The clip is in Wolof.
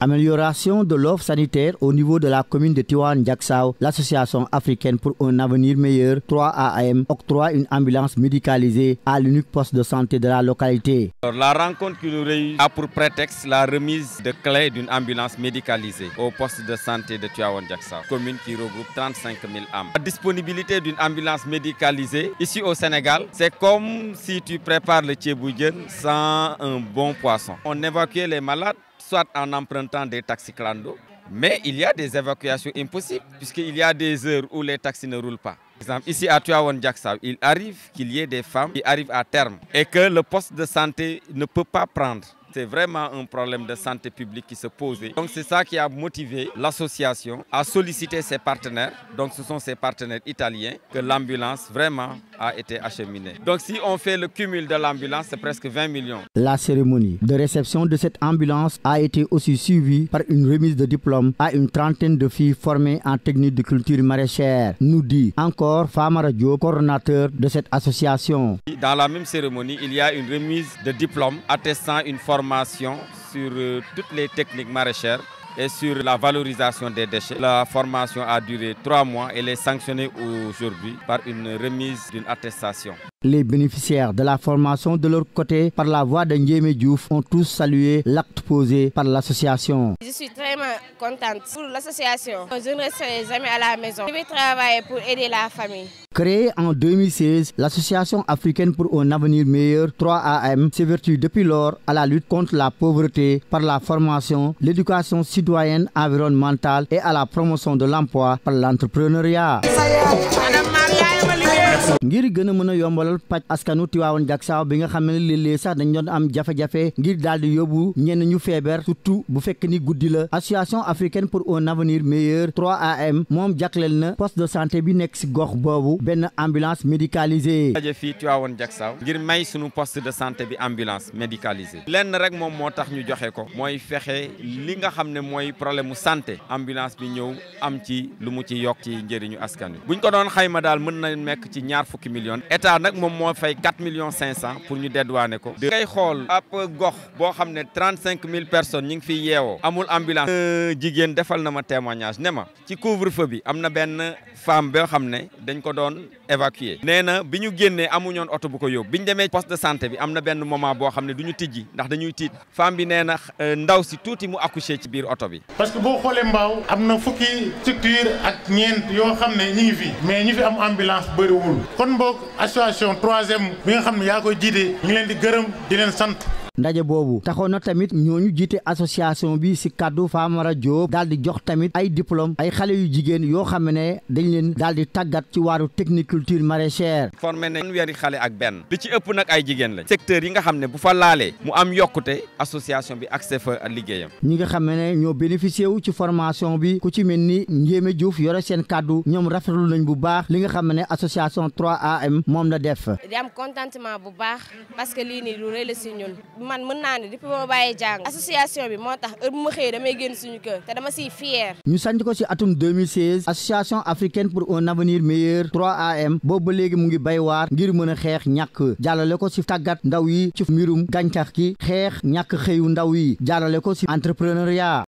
Amélioration de l'offre sanitaire au niveau de la commune de Tiwan Jaksao, l'association africaine pour un avenir meilleur 3AM octroie une ambulance médicalisée à l'unique poste de santé de la localité. la rencontre qui nous réunit a pour prétexte la remise de clés d'une ambulance médicalisée au poste de santé de Tiwan Jaksao, commune qui regroupe 35 000 âmes. La disponibilité d'une ambulance médicalisée ici au Sénégal, c'est comme si tu prépares le tchéboudienne sans un bon poisson. On évacue les malades soit en empruntant des taxis clando. Mais il y a des évacuations impossibles, puisqu'il y a des heures où les taxis ne roulent pas. Par exemple, ici à tuawon il arrive qu'il y ait des femmes qui arrivent à terme et que le poste de santé ne peut pas prendre. C'est vraiment un problème de santé publique qui se posait. Donc c'est ça qui a motivé l'association à solliciter ses partenaires. Donc ce sont ses partenaires italiens que l'ambulance vraiment a été acheminée. Donc si on fait le cumul de l'ambulance, c'est presque 20 millions. La cérémonie de réception de cette ambulance a été aussi suivie par une remise de diplôme à une trentaine de filles formées en technique de culture maraîchère, nous dit encore Famara Radio coordonnateur de cette association. Dans la même cérémonie, il y a une remise de diplôme attestant une formation formation sur euh, toutes les techniques maraîchères et sur la valorisation des déchets. La formation a duré trois mois et elle est sanctionnée aujourd'hui par une remise d'une attestation. Les bénéficiaires de la formation de leur côté, par la voix de Ndiémé Diouf, ont tous salué l'acte posé par l'association. Je suis très contente pour l'association. Je ne reste jamais à la maison. Je vais travailler pour aider la famille. Créée en 2016, l'Association africaine pour un avenir meilleur 3AM s'évertue depuis lors à la lutte contre la pauvreté par la formation, l'éducation citoyenne environnementale et à la promotion de l'emploi par l'entrepreneuriat. ngir gën a mën a yombalal paj askanu Tiwaawan Jaksaaw bi nga xam ne léeg-léeg sax dañ doon am jafe-jafe ngir daal di yóbbu ñenn ñu feebar surtout bu fekk ni guddi la association africaine pour un avenir meilleur 3AM moom jagleel na poste de santé bi nekk si gox boobu benn ambulance médicalisée. rajo fii Tiwaawan Jaksaaw ngir may suñu poste de santé bi ambulance médicalisée lenn rek moom moo tax ñu joxe ko mooy fexe li nga xam ne mooy problème mu santé ambulance bi ñëw am ci lu mu ci yokk ci njëriñu askan wi buñ ko doon xayma daal ñaar fukki millions état nag moom moo fay 4 millions 500 pour ñu dédouaner ko. da ngay xool ab gox boo xam ne 35 000 personnes ñu ngi fiy yeewoo. amul ambulance. Euh, jigéen defal na ma témoignage ne ma. ci couvre feu bi am na benn femme boo xam ne dañ ko doon évacuer. nee na bi ñu génnee amuñoon oto bu ko yóbbu bi ñu demee poste de santé bi am na benn moment boo xam ne du ñu tijji ndax dañuy tiit femme bi nee na euh, ndaw si tuuti mu accouché ci biir oto bi. parce que boo xoolee kon boog association troisième bi nga xam ne yaa koy jiite ñu leen di gërëm di leen sant ndaje boobu taxoon na ñoo ñooñu jiite association bi si kàddu Famara Diop daal di jox tamit ay diplôme ay xale yu jigéen yoo xam ne dañu leen daal di tàggat ci waaru techniculture maraîchère formé na weeri xale ak benn li ci ëpp nag ay jigéen lañ secteur yi nga xam ne bu fa laalee mu am yokkute association bi accès fa liggéeyam ñi nga xam ne ñoo bénéficié wu ci formation bi ku ci mel ni Ndiémé Diouf yore seen kàddu ñoom rafetlu nañ bu baax li nga xam ne association 3AM moom la def di man mën naa ne depuis ba bàyyi jàng bi moo tax heure bu ma xëyee damay génn suñu kër te dama si fier ñu sanc ko si atum 2016 association africaine pour un avenir meilleur 3AM boobu ba léegi mu ngi bay waar ngir mën a xeex ñàkk jàllale ko si tàggat ndaw yi ci mbirum gàncax gi xeex ñàkk xëyu ndaw yi jàllale ko si entrepreneuriat